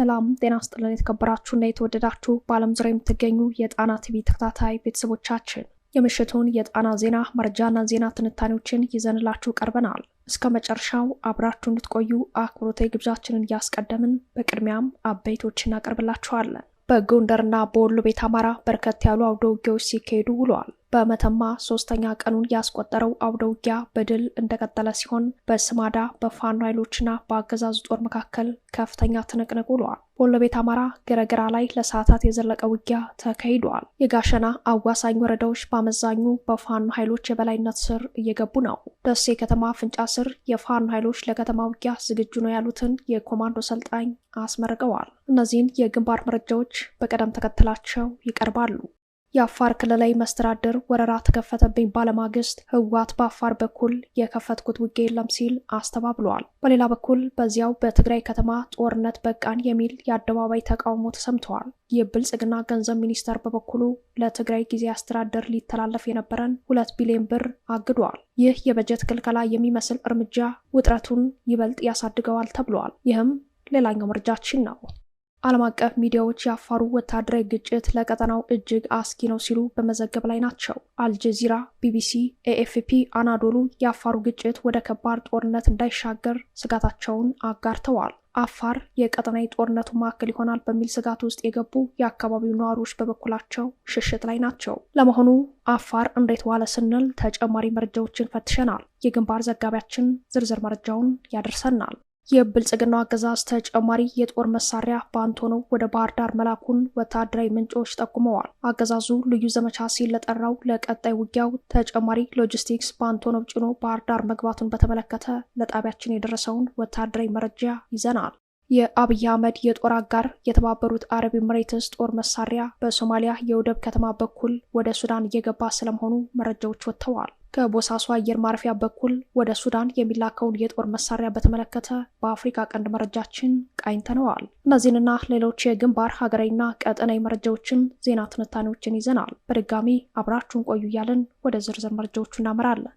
ሰላም ጤና ስጥልን። እና የተወደዳችሁ በዓለም ዙሪያ የምትገኙ የጣና ቲቪ ተከታታይ ቤተሰቦቻችን የምሽቱን የጣና ዜና መረጃና ዜና ትንታኔዎችን ይዘንላችሁ ቀርበናል። እስከ መጨረሻው አብራችሁ እንድትቆዩ አክብሮታዊ ግብዣችንን እያስቀደምን በቅድሚያም አበይቶች እናቀርብላችኋለን። በጎንደርና በወሎ ቤት አማራ በርከት ያሉ አውደ ውጊያዎች ሲካሄዱ ውለዋል። በመተማ ሶስተኛ ቀኑን ያስቆጠረው አውደ ውጊያ በድል እንደቀጠለ ሲሆን በስማዳ በፋኖ ኃይሎችና በአገዛዙ ጦር መካከል ከፍተኛ ትንቅንቅ ወሎ ቤት አማራ ገረገራ ላይ ለሰዓታት የዘለቀ ውጊያ ተካሂደዋል። የጋሸና አዋሳኝ ወረዳዎች በአመዛኙ በፋኖ ኃይሎች የበላይነት ስር እየገቡ ነው። ደሴ ከተማ አፍንጫ ስር የፋኖ ኃይሎች ለከተማ ውጊያ ዝግጁ ነው ያሉትን የኮማንዶ ሰልጣኝ አስመርቀዋል። እነዚህን የግንባር መረጃዎች በቅደም ተከተላቸው ይቀርባሉ። የአፋር ክልላዊ መስተዳድር ወረራ ተከፈተብኝ ባለማግስት ህወሓት በአፋር በኩል የከፈትኩት ውጊያ የለም ሲል አስተባብለዋል። በሌላ በኩል በዚያው በትግራይ ከተማ ጦርነት በቃን የሚል የአደባባይ ተቃውሞ ተሰምተዋል። የብልጽግና ገንዘብ ሚኒስተር በበኩሉ ለትግራይ ጊዜ አስተዳደር ሊተላለፍ የነበረን ሁለት ቢሊዮን ብር አግዷል። ይህ የበጀት ክልከላ የሚመስል እርምጃ ውጥረቱን ይበልጥ ያሳድገዋል ተብለዋል። ይህም ሌላኛው መረጃችን ነው። ዓለም አቀፍ ሚዲያዎች የአፋሩ ወታደራዊ ግጭት ለቀጠናው እጅግ አስጊ ነው ሲሉ በመዘገብ ላይ ናቸው። አልጀዚራ፣ ቢቢሲ፣ ኤኤፍፒ፣ አናዶሉ የአፋሩ ግጭት ወደ ከባድ ጦርነት እንዳይሻገር ስጋታቸውን አጋርተዋል። አፋር የቀጠናዊ ጦርነቱ ማዕከል ይሆናል በሚል ስጋት ውስጥ የገቡ የአካባቢው ነዋሪዎች በበኩላቸው ሽሽት ላይ ናቸው። ለመሆኑ አፋር እንዴት ዋለ ስንል ተጨማሪ መረጃዎችን ፈትሸናል። የግንባር ዘጋቢያችን ዝርዝር መረጃውን ያደርሰናል። የብልጽግናው አገዛዝ ተጨማሪ የጦር መሳሪያ በአንቶኖቭ ወደ ባህር ዳር መላኩን ወታደራዊ ምንጮች ጠቁመዋል። አገዛዙ ልዩ ዘመቻ ሲል ለጠራው ለቀጣይ ውጊያው ተጨማሪ ሎጂስቲክስ በአንቶኖቭ ጭኖ ባህር ዳር መግባቱን በተመለከተ ለጣቢያችን የደረሰውን ወታደራዊ መረጃ ይዘናል። የአብይ አህመድ የጦር አጋር የተባበሩት አረብ ኤምሬትስ ጦር መሳሪያ በሶማሊያ የወደብ ከተማ በኩል ወደ ሱዳን እየገባ ስለመሆኑ መረጃዎች ወጥተዋል። ከቦሳሶ አየር ማረፊያ በኩል ወደ ሱዳን የሚላከውን የጦር መሳሪያ በተመለከተ በአፍሪካ ቀንድ መረጃችን ቃኝተነዋል። እነዚህንና ሌሎች የግንባር ሀገራዊና ቀጠናዊ መረጃዎችን፣ ዜና ትንታኔዎችን ይዘናል። በድጋሚ አብራችሁን ቆዩ እያልን ወደ ዝርዝር መረጃዎቹ እናመራለን።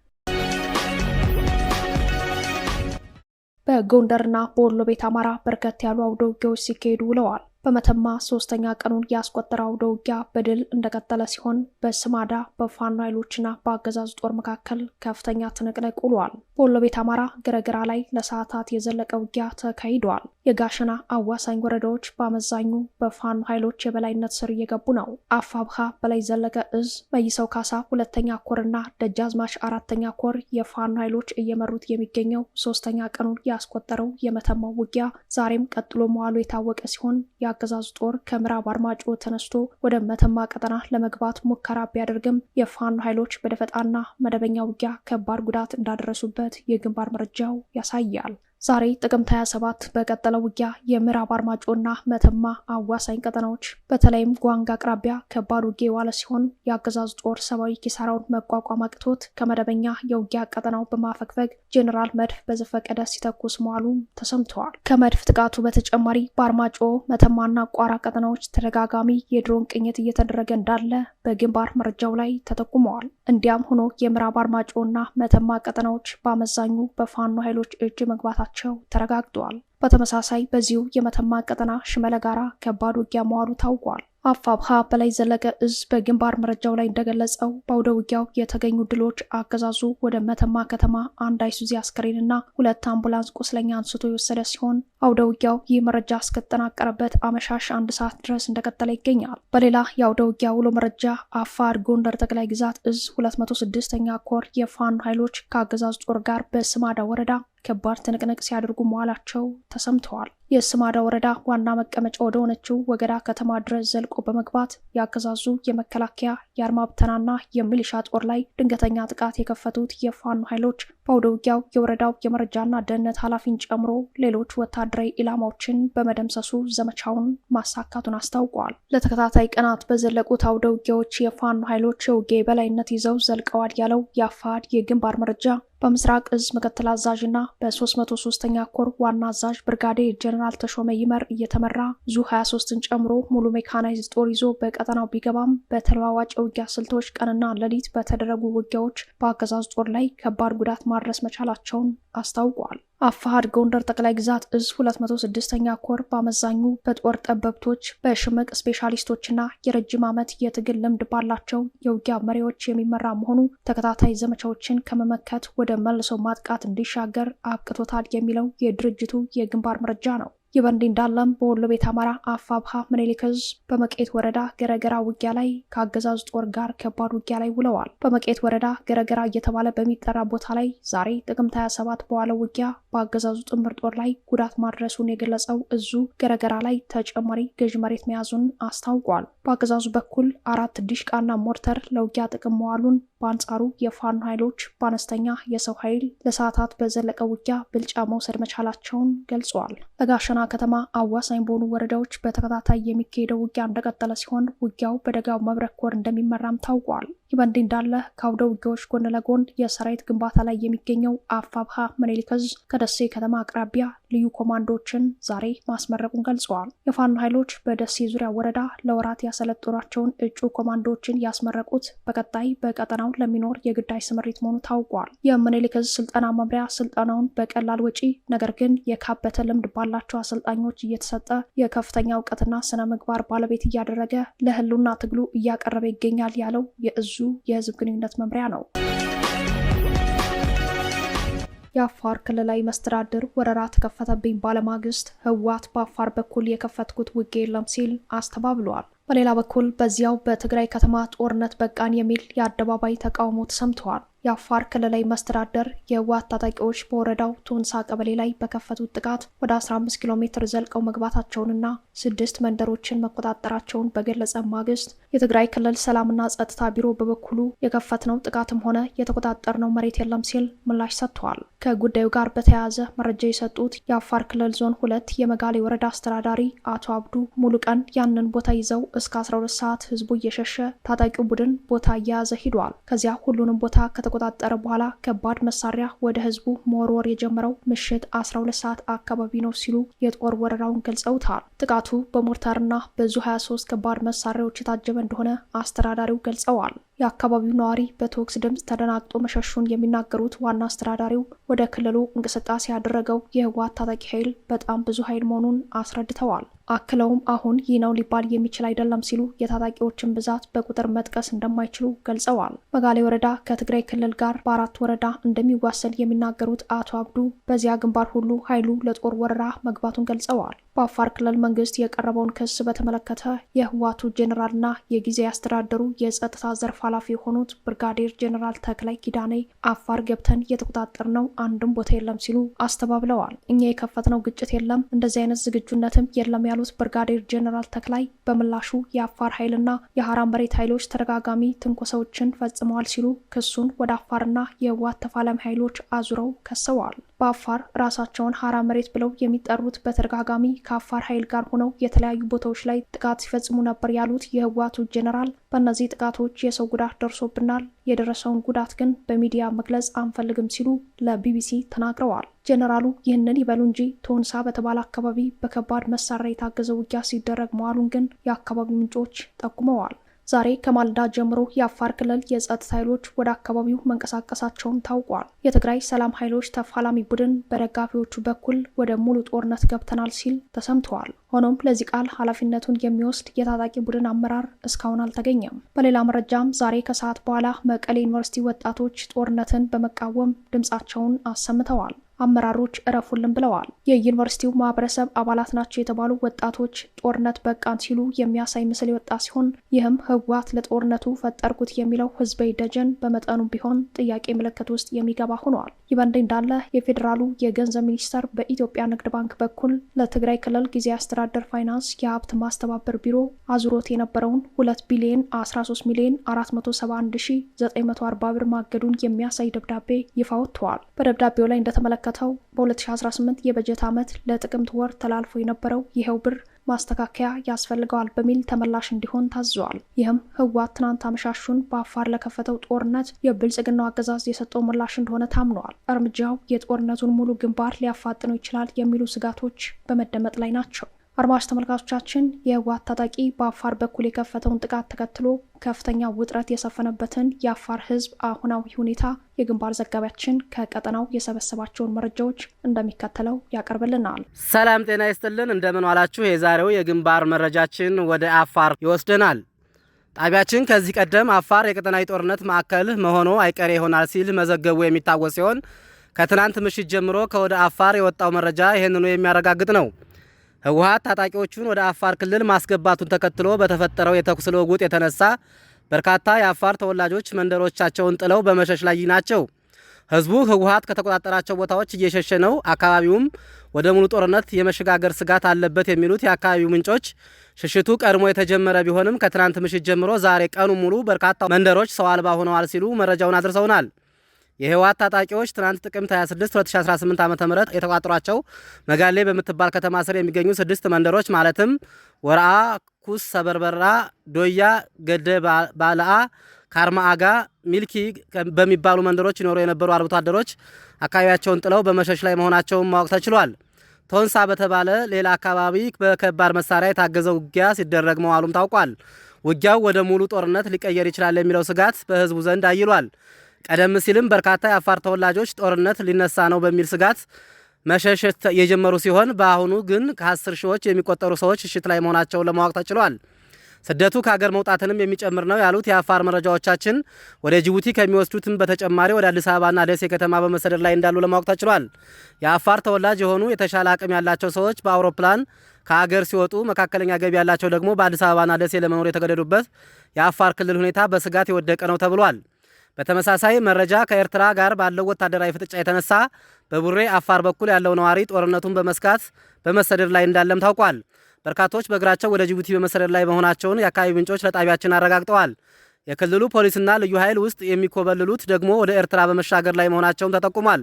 በጎንደርና በወሎ ቤት አማራ በርከት ያሉ አውደ ውጊያዎች ሲካሄዱ ውለዋል። በመተማ ሶስተኛ ቀኑን ያስቆጠረው አውደ ውጊያ በድል እንደቀጠለ ሲሆን በስማዳ በፋኖ ኃይሎችና በአገዛዙ ጦር መካከል ከፍተኛ ትንቅንቅ ውሏል። በወሎ ቤት አማራ ግረግራ ላይ ለሰዓታት የዘለቀ ውጊያ ተካሂደዋል። የጋሸና አዋሳኝ ወረዳዎች በአመዛኙ በፋኖ ኃይሎች የበላይነት ስር እየገቡ ነው። አፋብሃ በላይ ዘለቀ እዝ መይሰው ካሳ ሁለተኛ ኮርና ደጃዝማች አራተኛ ኮር የፋኖ ኃይሎች እየመሩት የሚገኘው ሶስተኛ ቀኑን ያስቆጠረው የመተማው ውጊያ ዛሬም ቀጥሎ መዋሉ የታወቀ ሲሆን የአገዛዙ ጦር ከምዕራብ አርማጭሆ ተነስቶ ወደ መተማ ቀጠና ለመግባት ሙከራ ቢያደርግም የፋኖ ኃይሎች በደፈጣና መደበኛ ውጊያ ከባድ ጉዳት እንዳደረሱበት የግንባር መረጃው ያሳያል። ዛሬ ጥቅምት 27 በቀጠለው ውጊያ የምዕራብ አርማጮና መተማ አዋሳኝ ቀጠናዎች በተለይም ጓንግ አቅራቢያ ከባድ ውጊያ የዋለ ሲሆን የአገዛዙ ጦር ሰብአዊ ኪሳራውን መቋቋም አቅቶት ከመደበኛ የውጊያ ቀጠናው በማፈግፈግ ጄኔራል መድፍ በዘፈቀደ ሲተኩስ መዋሉም ተሰምተዋል። ከመድፍ ጥቃቱ በተጨማሪ በአርማጮ መተማና ቋራ ቀጠናዎች ተደጋጋሚ የድሮን ቅኝት እየተደረገ እንዳለ በግንባር መረጃው ላይ ተጠቁመዋል። እንዲያም ሆኖ የምዕራብ አርማጮና መተማ ቀጠናዎች በአመዛኙ በፋኖ ኃይሎች እጅ መግባታቸው መሆናቸው ተረጋግጧል። በተመሳሳይ በዚሁ የመተማ ቀጠና ሽመለ ጋራ ከባድ ውጊያ መዋሉ ታውቋል። አፋብሃ በላይ ዘለቀ እዝ በግንባር መረጃው ላይ እንደገለጸው በአውደ ውጊያው የተገኙ ድሎች አገዛዙ ወደ መተማ ከተማ አንድ አይሱዚ አስከሬንና ሁለት አምቡላንስ ቁስለኛ አንስቶ የወሰደ ሲሆን አውደ ውጊያው ይህ መረጃ እስከተጠናቀረበት አመሻሽ አንድ ሰዓት ድረስ እንደቀጠለ ይገኛል። በሌላ የአውደ ውጊያ ውሎ መረጃ አፋር ጎንደር ጠቅላይ ግዛት እዝ 26 ኛ ኮር የፋኖ ኃይሎች ከአገዛዙ ጦር ጋር በስማዳ ወረዳ ከባድ ትንቅንቅ ሲያደርጉ መዋላቸው ተሰምተዋል። የስማዳ ወረዳ ዋና መቀመጫ ወደ ሆነችው ወገዳ ከተማ ድረስ ዘልቆ በመግባት የአገዛዙ የመከላከያ የአርማብተናና ብተናና የሚሊሻ ጦር ላይ ድንገተኛ ጥቃት የከፈቱት የፋኖ ኃይሎች በአውደ ውጊያው የወረዳው የመረጃና ደህንነት ኃላፊን ጨምሮ ሌሎች ወታደራዊ ኢላማዎችን በመደምሰሱ ዘመቻውን ማሳካቱን አስታውቀዋል። ለተከታታይ ቀናት በዘለቁት አውደ ውጊያዎች የፋኖ ኃይሎች የውጊያ የበላይነት ይዘው ዘልቀዋል ያለው የአፋድ የግንባር መረጃ በምስራቅ እዝ ምክትል አዛዥና በ303ኛ ኮር ዋና አዛዥ ብርጋዴ ጀነራል ተሾመ ይመር እየተመራ ዙ 23ን ጨምሮ ሙሉ ሜካናይዝድ ጦር ይዞ በቀጠናው ቢገባም በተለዋዋጭ የውጊያ ስልቶች ቀንና ሌሊት በተደረጉ ውጊያዎች በአገዛዝ ጦር ላይ ከባድ ጉዳት ማድረስ መቻላቸውን አስታውቋል። አፋሃድ ጎንደር ጠቅላይ ግዛት እዝ 26 ኛ ኮር በአመዛኙ በጦር ጠበብቶች በሽምቅ ስፔሻሊስቶችና የረጅም ዓመት የትግል ልምድ ባላቸው የውጊያ መሪዎች የሚመራ መሆኑ ተከታታይ ዘመቻዎችን ከመመከት ወደ መልሶ ማጥቃት እንዲሻገር አብቅቶታል የሚለው የድርጅቱ የግንባር መረጃ ነው። ይህ በእንዲህ እንዳለም በወሎ ቤት አማራ አፋብሃ ምኒልክ በመቄት ወረዳ ገረገራ ውጊያ ላይ ከአገዛዝ ጦር ጋር ከባድ ውጊያ ላይ ውለዋል። በመቄት ወረዳ ገረገራ እየተባለ በሚጠራ ቦታ ላይ ዛሬ ጥቅምት 27 በዋለው ውጊያ በአገዛዙ ጥምር ጦር ላይ ጉዳት ማድረሱን የገለጸው እዙ ገረገራ ላይ ተጨማሪ ገዥ መሬት መያዙን አስታውቋል። በአገዛዙ በኩል አራት ዲሽቃና ሞርተር ለውጊያ ጥቅም መዋሉን በአንጻሩ የፋኖ ኃይሎች በአነስተኛ የሰው ኃይል ለሰዓታት በዘለቀ ውጊያ ብልጫ መውሰድ መቻላቸውን ገልጸዋል። ለጋሸና ከተማ አዋሳኝ በሆኑ ወረዳዎች በተከታታይ የሚካሄደው ውጊያ እንደቀጠለ ሲሆን ውጊያው በደጋው መብረቅ ኮር እንደሚመራም ታውቋል። ይህ በእንዲህ እንዳለ ከአውደ ውጊያዎች ጎን ለጎን የሰራዊት ግንባታ ላይ የሚገኘው አፋብሃ መኔሊከዝ ከደሴ ከተማ አቅራቢያ ልዩ ኮማንዶዎችን ዛሬ ማስመረቁን ገልጸዋል። የፋኖ ኃይሎች በደሴ ዙሪያ ወረዳ ለወራት ያሰለጠኗቸውን እጩ ኮማንዶዎችን ያስመረቁት በቀጣይ በቀጠናው ለሚኖር የግዳጅ ስምሪት መሆኑ ታውቋል። የመኔሊከዝ ስልጠና መምሪያ ስልጠናውን በቀላል ወጪ ነገር ግን የካበተ ልምድ ባላቸው አሰልጣኞች እየተሰጠ የከፍተኛ እውቀትና ስነ ምግባር ባለቤት እያደረገ ለህልውና ትግሉ እያቀረበ ይገኛል ያለው የእዙ የህዝብ ግንኙነት መምሪያ ነው። የአፋር ክልላዊ መስተዳድር ወረራ ተከፈተብኝ ባለማግስት ህወሓት በአፋር በኩል የከፈትኩት ውጌ የለም ሲል አስተባብሏል። በሌላ በኩል በዚያው በትግራይ ከተማ ጦርነት በቃን የሚል የአደባባይ ተቃውሞ ተሰምተዋል። የአፋር ክልላዊ መስተዳደር የህወሓት ታጣቂዎች በወረዳው ቶንሳ ቀበሌ ላይ በከፈቱት ጥቃት ወደ 15 ኪሎ ሜትር ዘልቀው መግባታቸውንና ስድስት መንደሮችን መቆጣጠራቸውን በገለጸ ማግስት የትግራይ ክልል ሰላምና ጸጥታ ቢሮ በበኩሉ የከፈትነው ጥቃትም ሆነ የተቆጣጠርነው መሬት የለም ሲል ምላሽ ሰጥተዋል። ከጉዳዩ ጋር በተያያዘ መረጃ የሰጡት የአፋር ክልል ዞን ሁለት የመጋሌ ወረዳ አስተዳዳሪ አቶ አብዱ ሙሉቀን ያንን ቦታ ይዘው እስከ 12 ሰዓት ህዝቡ እየሸሸ ታጣቂው ቡድን ቦታ እየያዘ ሂዷል። ከዚያ ሁሉንም ቦታ ከተቆጣጠረ በኋላ ከባድ መሳሪያ ወደ ህዝቡ መወርወር የጀመረው ምሽት 12 ሰዓት አካባቢ ነው ሲሉ የጦር ወረራውን ገልጸውታል። ጥቃቱ በሞርታርና በዙ 23 ከባድ መሳሪያዎች የታጀበ እንደሆነ አስተዳዳሪው ገልጸዋል። የአካባቢው ነዋሪ በተኩስ ድምፅ ተደናግጦ መሸሹን የሚናገሩት ዋና አስተዳዳሪው ወደ ክልሉ እንቅስቃሴ ያደረገው የህወሓት ታጣቂ ኃይል በጣም ብዙ ኃይል መሆኑን አስረድተዋል። አክለውም አሁን ይህ ነው ሊባል የሚችል አይደለም ሲሉ የታጣቂዎችን ብዛት በቁጥር መጥቀስ እንደማይችሉ ገልጸዋል። መጋሌ ወረዳ ከትግራይ ክልል ጋር በአራት ወረዳ እንደሚዋሰል የሚናገሩት አቶ አብዱ በዚያ ግንባር ሁሉ ኃይሉ ለጦር ወረራ መግባቱን ገልጸዋል። በአፋር ክልል መንግስት የቀረበውን ክስ በተመለከተ የህዋቱ ጄኔራልና የጊዜ ያስተዳደሩ የጸጥታ ዘርፍ ኃላፊ የሆኑት ብርጋዴር ጄኔራል ተክላይ ኪዳኔ አፋር ገብተን ነው አንድም ቦታ የለም ሲሉ አስተባብለዋል። እኛ የከፈትነው ግጭት የለም፣ እንደዚህ አይነት ዝግጁነትም የለም ያሉት ብርጋዴር ጄኔራል ተክላይ በምላሹ የአፋር ኃይልና የሀራ መሬት ኃይሎች ተደጋጋሚ ትንኮሶችን ፈጽመዋል ሲሉ ክሱን ወደ አፋርና የህወሓት ተፋላሚ ኃይሎች አዙረው ከሰዋል። በአፋር ራሳቸውን ሀራ መሬት ብለው የሚጠሩት በተደጋጋሚ ከአፋር ኃይል ጋር ሆነው የተለያዩ ቦታዎች ላይ ጥቃት ሲፈጽሙ ነበር ያሉት የህወሓቱ ጄኔራል፣ በእነዚህ ጥቃቶች የሰው ጉዳት ደርሶብናል፣ የደረሰውን ጉዳት ግን በሚዲያ መግለጽ አንፈልግም ሲሉ ለቢቢሲ ተናግረዋል። ጄኔራሉ ይህንን ይበሉ እንጂ ቶንሳ በተባለ አካባቢ በከባድ መሳሪያ የታገዘ ውጊያ ሲደረግ መዋሉን ግን የአካባቢው ምንጮች ጠቁመዋል። ዛሬ ከማልዳ ጀምሮ የአፋር ክልል የጸጥታ ኃይሎች ወደ አካባቢው መንቀሳቀሳቸውን ታውቋል። የትግራይ ሰላም ኃይሎች ተፋላሚ ቡድን በደጋፊዎቹ በኩል ወደ ሙሉ ጦርነት ገብተናል ሲል ተሰምተዋል። ሆኖም ለዚህ ቃል ኃላፊነቱን የሚወስድ የታጣቂ ቡድን አመራር እስካሁን አልተገኘም። በሌላ መረጃም ዛሬ ከሰዓት በኋላ መቀሌ ዩኒቨርሲቲ ወጣቶች ጦርነትን በመቃወም ድምፃቸውን አሰምተዋል። አመራሮች እረፉልን ብለዋል። የዩኒቨርሲቲው ማህበረሰብ አባላት ናቸው የተባሉ ወጣቶች ጦርነት በቃን ሲሉ የሚያሳይ ምስል የወጣ ሲሆን ይህም ህወሓት ለጦርነቱ ፈጠርኩት የሚለው ህዝበይ ደጀን በመጠኑ ቢሆን ጥያቄ ምልክት ውስጥ የሚገባ ሆነዋል። ይህ በእንዲህ እንዳለ የፌዴራሉ የገንዘብ ሚኒስቴር በኢትዮጵያ ንግድ ባንክ በኩል ለትግራይ ክልል ጊዜ አስተዳደር ፋይናንስ የሀብት ማስተባበር ቢሮ አዙሮት የነበረውን 2 ቢሊዮን 13 ሚሊዮን 471 ሺ 940 ብር ማገዱን የሚያሳይ ደብዳቤ ይፋ ወጥተዋል። በደብዳቤው ላይ እንደተመለከተ እንደሚመለከተው በ2018 የበጀት ዓመት ለጥቅምት ወር ተላልፎ የነበረው ይኸው ብር ማስተካከያ ያስፈልገዋል በሚል ተመላሽ እንዲሆን ታዟል። ይህም ህወሓት ትናንት አመሻሹን በአፋር ለከፈተው ጦርነት የብልጽግናው አገዛዝ የሰጠው ምላሽ እንደሆነ ታምነዋል። እርምጃው የጦርነቱን ሙሉ ግንባር ሊያፋጥነው ይችላል የሚሉ ስጋቶች በመደመጥ ላይ ናቸው። አድማጭ ተመልካቾቻችን የህወሓት ታጣቂ በአፋር በኩል የከፈተውን ጥቃት ተከትሎ ከፍተኛ ውጥረት የሰፈነበትን የአፋር ህዝብ አሁናዊ ሁኔታ የግንባር ዘጋቢያችን ከቀጠናው የሰበሰባቸውን መረጃዎች እንደሚከተለው ያቀርብልናል። ሰላም ጤና ይስጥልን፣ እንደምን ዋላችሁ። የዛሬው የግንባር መረጃችን ወደ አፋር ይወስደናል። ጣቢያችን ከዚህ ቀደም አፋር የቀጠናዊ ጦርነት ማዕከል መሆኑ አይቀሬ ይሆናል ሲል መዘገቡ የሚታወስ ሲሆን ከትናንት ምሽት ጀምሮ ከወደ አፋር የወጣው መረጃ ይህንኑ የሚያረጋግጥ ነው። ህወሓት ታጣቂዎቹን ወደ አፋር ክልል ማስገባቱን ተከትሎ በተፈጠረው የተኩስ ልውውጥ የተነሳ በርካታ የአፋር ተወላጆች መንደሮቻቸውን ጥለው በመሸሽ ላይ ናቸው። ህዝቡ ህወሓት ከተቆጣጠራቸው ቦታዎች እየሸሸ ነው፣ አካባቢውም ወደ ሙሉ ጦርነት የመሸጋገር ስጋት አለበት የሚሉት የአካባቢው ምንጮች ሽሽቱ ቀድሞ የተጀመረ ቢሆንም ከትናንት ምሽት ጀምሮ ዛሬ ቀኑ ሙሉ በርካታ መንደሮች ሰው አልባ ሆነዋል ሲሉ መረጃውን አድርሰውናል። የህወሓት ታጣቂዎች ትናንት ጥቅምት 26 2018 ዓ ም የተቋጠሯቸው መጋሌ በምትባል ከተማ ስር የሚገኙ ስድስት መንደሮች ማለትም ወርአ፣ ኩስ፣ ሰበርበራ፣ ዶያ፣ ገደ ባልአ፣ ካርማአጋ፣ ሚልኪ በሚባሉ መንደሮች ይኖሩ የነበሩ አርብቶ አደሮች አካባቢያቸውን ጥለው በመሸሽ ላይ መሆናቸውን ማወቅ ተችሏል። ቶንሳ በተባለ ሌላ አካባቢ በከባድ መሳሪያ የታገዘ ውጊያ ሲደረግ መዋሉም ታውቋል። ውጊያው ወደ ሙሉ ጦርነት ሊቀየር ይችላል የሚለው ስጋት በህዝቡ ዘንድ አይሏል። ቀደም ሲልም በርካታ የአፋር ተወላጆች ጦርነት ሊነሳ ነው በሚል ስጋት መሸሸት የጀመሩ ሲሆን በአሁኑ ግን ከአስር ሺዎች የሚቆጠሩ ሰዎች እሽት ላይ መሆናቸውን ለማወቅ ተችሏል። ስደቱ ከሀገር መውጣትንም የሚጨምር ነው ያሉት የአፋር መረጃዎቻችን ወደ ጅቡቲ ከሚወስዱትም በተጨማሪ ወደ አዲስ አበባና ደሴ ከተማ በመሰደድ ላይ እንዳሉ ለማወቅ ተችሏል። የአፋር ተወላጅ የሆኑ የተሻለ አቅም ያላቸው ሰዎች በአውሮፕላን ከሀገር ሲወጡ፣ መካከለኛ ገቢ ያላቸው ደግሞ በአዲስ አበባና ደሴ ለመኖር የተገደዱበት የአፋር ክልል ሁኔታ በስጋት የወደቀ ነው ተብሏል። በተመሳሳይ መረጃ ከኤርትራ ጋር ባለው ወታደራዊ ፍጥጫ የተነሳ በቡሬ አፋር በኩል ያለው ነዋሪ ጦርነቱን በመስጋት በመሰደድ ላይ እንዳለም ታውቋል። በርካቶች በእግራቸው ወደ ጅቡቲ በመሰደድ ላይ መሆናቸውን የአካባቢ ምንጮች ለጣቢያችን አረጋግጠዋል። የክልሉ ፖሊስና ልዩ ኃይል ውስጥ የሚኮበልሉት ደግሞ ወደ ኤርትራ በመሻገር ላይ መሆናቸውም ተጠቁሟል።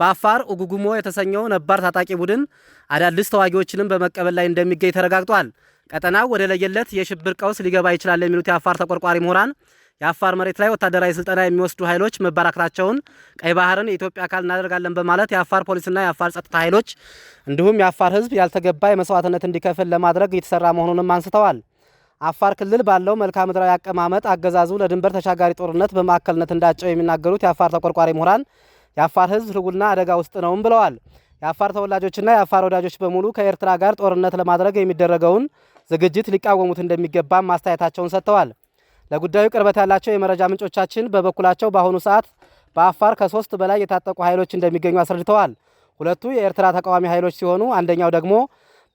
በአፋር ኡጉጉሞ የተሰኘው ነባር ታጣቂ ቡድን አዳዲስ ተዋጊዎችንም በመቀበል ላይ እንደሚገኝ ተረጋግጧል። ቀጠናው ወደ ለየለት የሽብር ቀውስ ሊገባ ይችላል የሚሉት የአፋር ተቆርቋሪ ምሁራን የአፋር መሬት ላይ ወታደራዊ ስልጠና የሚወስዱ ኃይሎች መበራከታቸውን ቀይ ባህርን የኢትዮጵያ አካል እናደርጋለን በማለት የአፋር ፖሊስና የአፋር ጸጥታ ኃይሎች እንዲሁም የአፋር ሕዝብ ያልተገባ የመስዋዕትነት እንዲከፍል ለማድረግ እየተሰራ መሆኑንም አንስተዋል። አፋር ክልል ባለው መልክዓ ምድራዊ አቀማመጥ አገዛዙ ለድንበር ተሻጋሪ ጦርነት በማዕከልነት እንዳጨው የሚናገሩት የአፋር ተቆርቋሪ ምሁራን የአፋር ህዝብ ህልውና አደጋ ውስጥ ነውም ብለዋል። የአፋር ተወላጆችና የአፋር ወዳጆች በሙሉ ከኤርትራ ጋር ጦርነት ለማድረግ የሚደረገውን ዝግጅት ሊቃወሙት እንደሚገባም ማስተያየታቸውን ሰጥተዋል። ለጉዳዩ ቅርበት ያላቸው የመረጃ ምንጮቻችን በበኩላቸው በአሁኑ ሰዓት በአፋር ከሶስት በላይ የታጠቁ ኃይሎች እንደሚገኙ አስረድተዋል። ሁለቱ የኤርትራ ተቃዋሚ ኃይሎች ሲሆኑ አንደኛው ደግሞ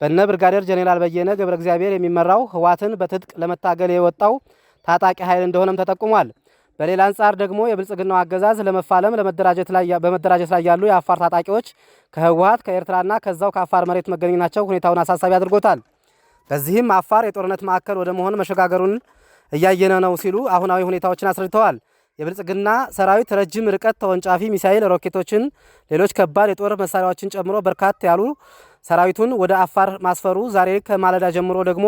በነ ብርጋዴር ጄኔራል በየነ ገብረ እግዚአብሔር የሚመራው ህዋትን በትጥቅ ለመታገል የወጣው ታጣቂ ኃይል እንደሆነም ተጠቁሟል። በሌላ አንጻር ደግሞ የብልጽግናው አገዛዝ ለመፋለም በመደራጀት ላይ ያሉ የአፋር ታጣቂዎች ከህወሀት ከኤርትራና ከዛው ከአፋር መሬት መገኘናቸው ሁኔታውን አሳሳቢ አድርጎታል። በዚህም አፋር የጦርነት ማዕከል ወደ መሆን መሸጋገሩን እያየነ ነው ሲሉ አሁናዊ ሁኔታዎችን አስረድተዋል። የብልጽግና ሰራዊት ረጅም ርቀት ተወንጫፊ ሚሳኤል ሮኬቶችን፣ ሌሎች ከባድ የጦር መሳሪያዎችን ጨምሮ በርካታ ያሉ ሰራዊቱን ወደ አፋር ማስፈሩ፣ ዛሬ ከማለዳ ጀምሮ ደግሞ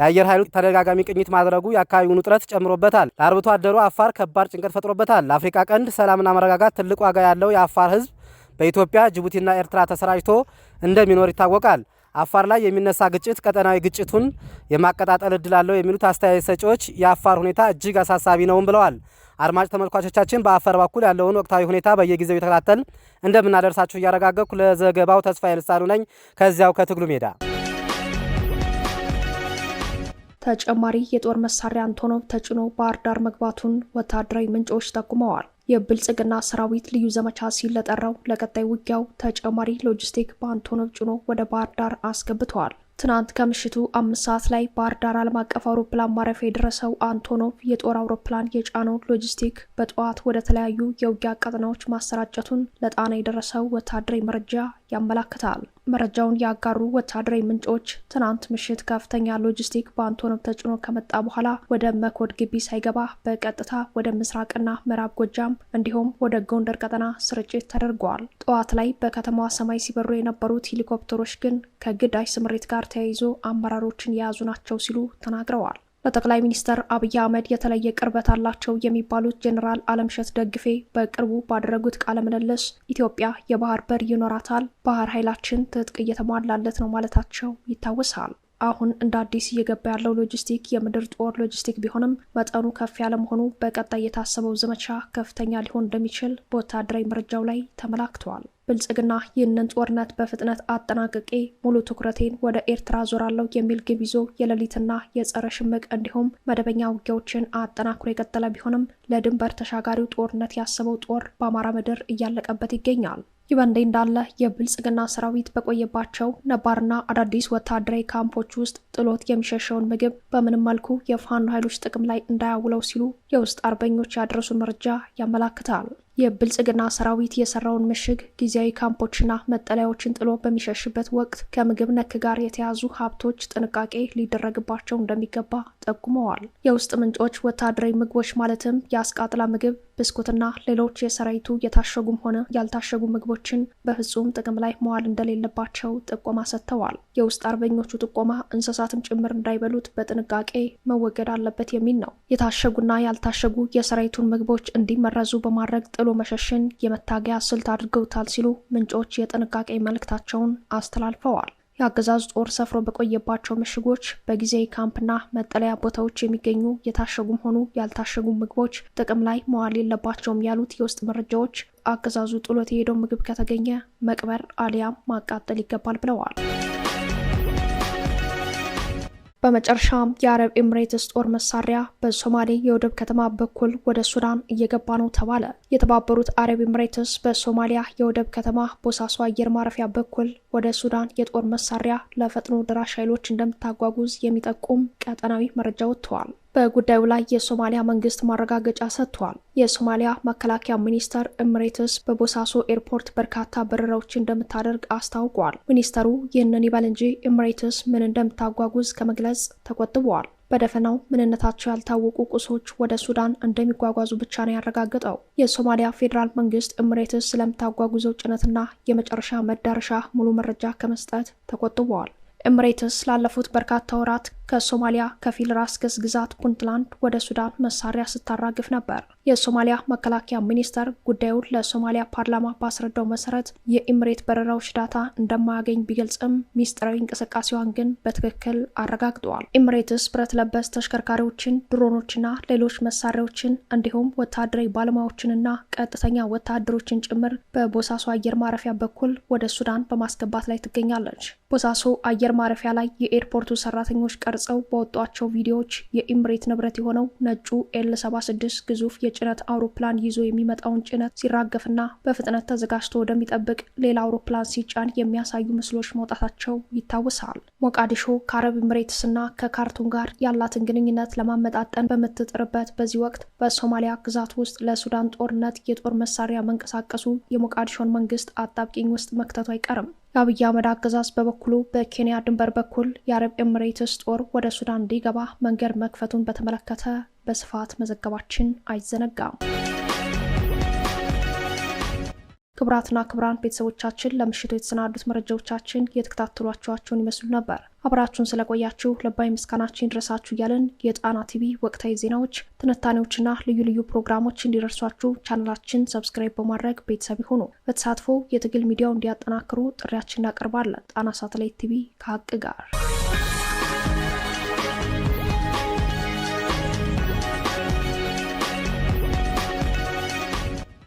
የአየር ኃይሉ ተደጋጋሚ ቅኝት ማድረጉ የአካባቢውን ውጥረት ጨምሮበታል። ለአርብቶ አደሩ አፋር ከባድ ጭንቀት ፈጥሮበታል። ለአፍሪካ ቀንድ ሰላምና መረጋጋት ትልቅ ዋጋ ያለው የአፋር ሕዝብ በኢትዮጵያ ጅቡቲና ኤርትራ ተሰራጅቶ እንደሚኖር ይታወቃል። አፋር ላይ የሚነሳ ግጭት ቀጠናዊ ግጭቱን የማቀጣጠል እድል አለው የሚሉት አስተያየት ሰጪዎች የአፋር ሁኔታ እጅግ አሳሳቢ ነውም ብለዋል። አድማጭ ተመልካቾቻችን በአፋር በኩል ያለውን ወቅታዊ ሁኔታ በየጊዜው የተከታተል እንደምናደርሳችሁ እያረጋገጥኩ ለዘገባው ተስፋዬ ልሳኑ ነኝ ከዚያው ከትግሉ ሜዳ። ተጨማሪ የጦር መሳሪያ አንቶኖቭ ተጭኖ ባህር ዳር መግባቱን ወታደራዊ ምንጮች ጠቁመዋል። የብልጽግና ሰራዊት ልዩ ዘመቻ ሲል ለጠራው ለቀጣይ ውጊያው ተጨማሪ ሎጂስቲክ በአንቶኖቭ ጭኖ ወደ ባህር ዳር አስገብተዋል። ትናንት ከምሽቱ አምስት ሰዓት ላይ ባህር ዳር ዓለም አቀፍ አውሮፕላን ማረፊያ የደረሰው አንቶኖቭ የጦር አውሮፕላን የጫነው ሎጂስቲክ በጠዋት ወደ ተለያዩ የውጊያ ቀጠናዎች ማሰራጨቱን ለጣና የደረሰው ወታደራዊ መረጃ ያመላክታል። መረጃውን ያጋሩ ወታደራዊ ምንጮች ትናንት ምሽት ከፍተኛ ሎጂስቲክ በአንቶኖቭ ተጭኖ ከመጣ በኋላ ወደ መኮድ ግቢ ሳይገባ በቀጥታ ወደ ምስራቅና ምዕራብ ጎጃም እንዲሁም ወደ ጎንደር ቀጠና ስርጭት ተደርጓል። ጠዋት ላይ በከተማዋ ሰማይ ሲበሩ የነበሩት ሄሊኮፕተሮች ግን ከግዳጅ ስምሪት ጋር ተያይዞ አመራሮችን የያዙ ናቸው ሲሉ ተናግረዋል። ለጠቅላይ ሚኒስትር አብይ አህመድ የተለየ ቅርበት አላቸው የሚባሉት ጀኔራል አለምሸት ደግፌ በቅርቡ ባደረጉት ቃለ ምልልስ ኢትዮጵያ የባህር በር ይኖራታል፣ ባህር ኃይላችን ትጥቅ እየተሟላለት ነው ማለታቸው ይታወሳል። አሁን እንደ አዲስ እየገባ ያለው ሎጂስቲክ የምድር ጦር ሎጂስቲክ ቢሆንም መጠኑ ከፍ ያለ መሆኑ በቀጣይ የታሰበው ዘመቻ ከፍተኛ ሊሆን እንደሚችል በወታደራዊ መረጃው ላይ ተመላክተዋል። ብልጽግና ይህንን ጦርነት በፍጥነት አጠናቅቄ ሙሉ ትኩረቴን ወደ ኤርትራ ዞራለሁ የሚል ግብ ይዞ የሌሊትና የጸረ ሽምቅ እንዲሁም መደበኛ ውጊያዎችን አጠናክሮ የቀጠለ ቢሆንም ለድንበር ተሻጋሪው ጦርነት ያሰበው ጦር በአማራ ምድር እያለቀበት ይገኛል። ይህ በእንዲህ እንዳለ የብልጽግና ሰራዊት በቆየባቸው ነባርና አዳዲስ ወታደራዊ ካምፖች ውስጥ ጥሎት የሚሸሸውን ምግብ በምንም መልኩ የፋኖ ኃይሎች ጥቅም ላይ እንዳያውለው ሲሉ የውስጥ አርበኞች ያደረሱን መረጃ ያመላክታል። የብልጽግና ሰራዊት የሰራውን ምሽግ ጊዜያዊ ካምፖችና መጠለያዎችን ጥሎ በሚሸሽበት ወቅት ከምግብ ነክ ጋር የተያዙ ሀብቶች ጥንቃቄ ሊደረግባቸው እንደሚገባ ጠቁመዋል። የውስጥ ምንጮች ወታደራዊ ምግቦች ማለትም የአስቃጥላ ምግብ፣ ብስኩትና ሌሎች የሰራዊቱ የታሸጉም ሆነ ያልታሸጉ ምግቦችን በፍጹም ጥቅም ላይ መዋል እንደሌለባቸው ጥቆማ ሰጥተዋል። የውስጥ አርበኞቹ ጥቆማ እንስሳትም ጭምር እንዳይበሉት በጥንቃቄ መወገድ አለበት የሚል ነው። የታሸጉና ያልታሸጉ የሰራዊቱን ምግቦች እንዲመረዙ በማድረግ ጥሎ ጥሎ መሸሽን የመታገያ ስልት አድርገውታል ሲሉ ምንጮች የጥንቃቄ መልእክታቸውን አስተላልፈዋል። የአገዛዝ ጦር ሰፍሮ በቆየባቸው ምሽጎች በጊዜያዊ ካምፕና መጠለያ ቦታዎች የሚገኙ የታሸጉም ሆኑ ያልታሸጉ ምግቦች ጥቅም ላይ መዋል የለባቸውም ያሉት የውስጥ መረጃዎች አገዛዙ ጥሎት የሄደው ምግብ ከተገኘ መቅበር አሊያም ማቃጠል ይገባል ብለዋል። በመጨረሻም የአረብ ኤምሬትስ ጦር መሳሪያ በሶማሌ የወደብ ከተማ በኩል ወደ ሱዳን እየገባ ነው ተባለ። የተባበሩት አረብ ኤምሬትስ በሶማሊያ የወደብ ከተማ ቦሳሶ አየር ማረፊያ በኩል ወደ ሱዳን የጦር መሳሪያ ለፈጥኖ ደራሽ ኃይሎች እንደምታጓጉዝ የሚጠቁም ቀጠናዊ መረጃ ወጥተዋል። በጉዳዩ ላይ የሶማሊያ መንግስት ማረጋገጫ ሰጥቷል። የሶማሊያ መከላከያ ሚኒስተር ኤምሬትስ በቦሳሶ ኤርፖርት በርካታ በረራዎች እንደምታደርግ አስታውቋል። ሚኒስተሩ ይህንን ይበል እንጂ ኤምሬትስ ምን እንደምታጓጉዝ ከመግለጽ ተቆጥበዋል። በደፈናው ምንነታቸው ያልታወቁ ቁሶች ወደ ሱዳን እንደሚጓጓዙ ብቻ ነው ያረጋገጠው። የሶማሊያ ፌዴራል መንግስት እምሬትስ ስለምታጓጉዘው ጭነትና የመጨረሻ መዳረሻ ሙሉ መረጃ ከመስጠት ተቆጥበዋል። ኤምሬትስ ላለፉት በርካታ ወራት ከሶማሊያ ከፊል ራስ ገዝ ግዛት ፑንትላንድ ወደ ሱዳን መሳሪያ ስታራግፍ ነበር። የሶማሊያ መከላከያ ሚኒስተር ጉዳዩን ለሶማሊያ ፓርላማ ባስረዳው መሰረት የኢምሬት በረራዎች ዳታ እንደማያገኝ ቢገልጽም ሚስጥራዊ እንቅስቃሴዋን ግን በትክክል አረጋግጠዋል። ኢምሬትስ ብረት ለበስ ተሽከርካሪዎችን፣ ድሮኖችና ሌሎች መሳሪያዎችን እንዲሁም ወታደራዊ ባለሙያዎችንና ቀጥተኛ ወታደሮችን ጭምር በቦሳሶ አየር ማረፊያ በኩል ወደ ሱዳን በማስገባት ላይ ትገኛለች። ቦሳሶ አየር አየር ማረፊያ ላይ የኤርፖርቱ ሰራተኞች ቀርጸው በወጧቸው ቪዲዮዎች የኢምሬት ንብረት የሆነው ነጩ ኤል 76 ግዙፍ የጭነት አውሮፕላን ይዞ የሚመጣውን ጭነት ሲራገፍና በፍጥነት ተዘጋጅቶ ወደሚጠብቅ ሌላ አውሮፕላን ሲጫን የሚያሳዩ ምስሎች መውጣታቸው ይታወሳል። ሞቃዲሾ ከአረብ ኢምሬትስ እና ከካርቱም ጋር ያላትን ግንኙነት ለማመጣጠን በምትጥርበት በዚህ ወቅት በሶማሊያ ግዛት ውስጥ ለሱዳን ጦርነት የጦር መሳሪያ መንቀሳቀሱ የሞቃዲሾን መንግስት አጣብቂኝ ውስጥ መክተቱ አይቀርም። የአብይ አህመድ አገዛዝ በበኩሉ በኬንያ ድንበር በኩል የአረብ ኤምሬትስ ጦር ወደ ሱዳን እንዲገባ መንገድ መክፈቱን በተመለከተ በስፋት መዘገባችን አይዘነጋም። ክብራትና ክብራን ቤተሰቦቻችን ለምሽቱ የተሰናዱት መረጃዎቻችን የተከታተሏቸኋቸውን ይመስሉ ነበር። አብራችሁን ስለቆያችሁ ልባዊ ምስጋናችን ድረሳችሁ እያለን የጣና ቲቪ ወቅታዊ ዜናዎች፣ ትንታኔዎችና ልዩ ልዩ ፕሮግራሞች እንዲደርሷችሁ ቻናላችን ሰብስክራይብ በማድረግ ቤተሰብ ይሁኑ። በተሳትፎ የትግል ሚዲያው እንዲያጠናክሩ ጥሪያችን እናቀርባለን። ጣና ሳተላይት ቲቪ ከሀቅ ጋር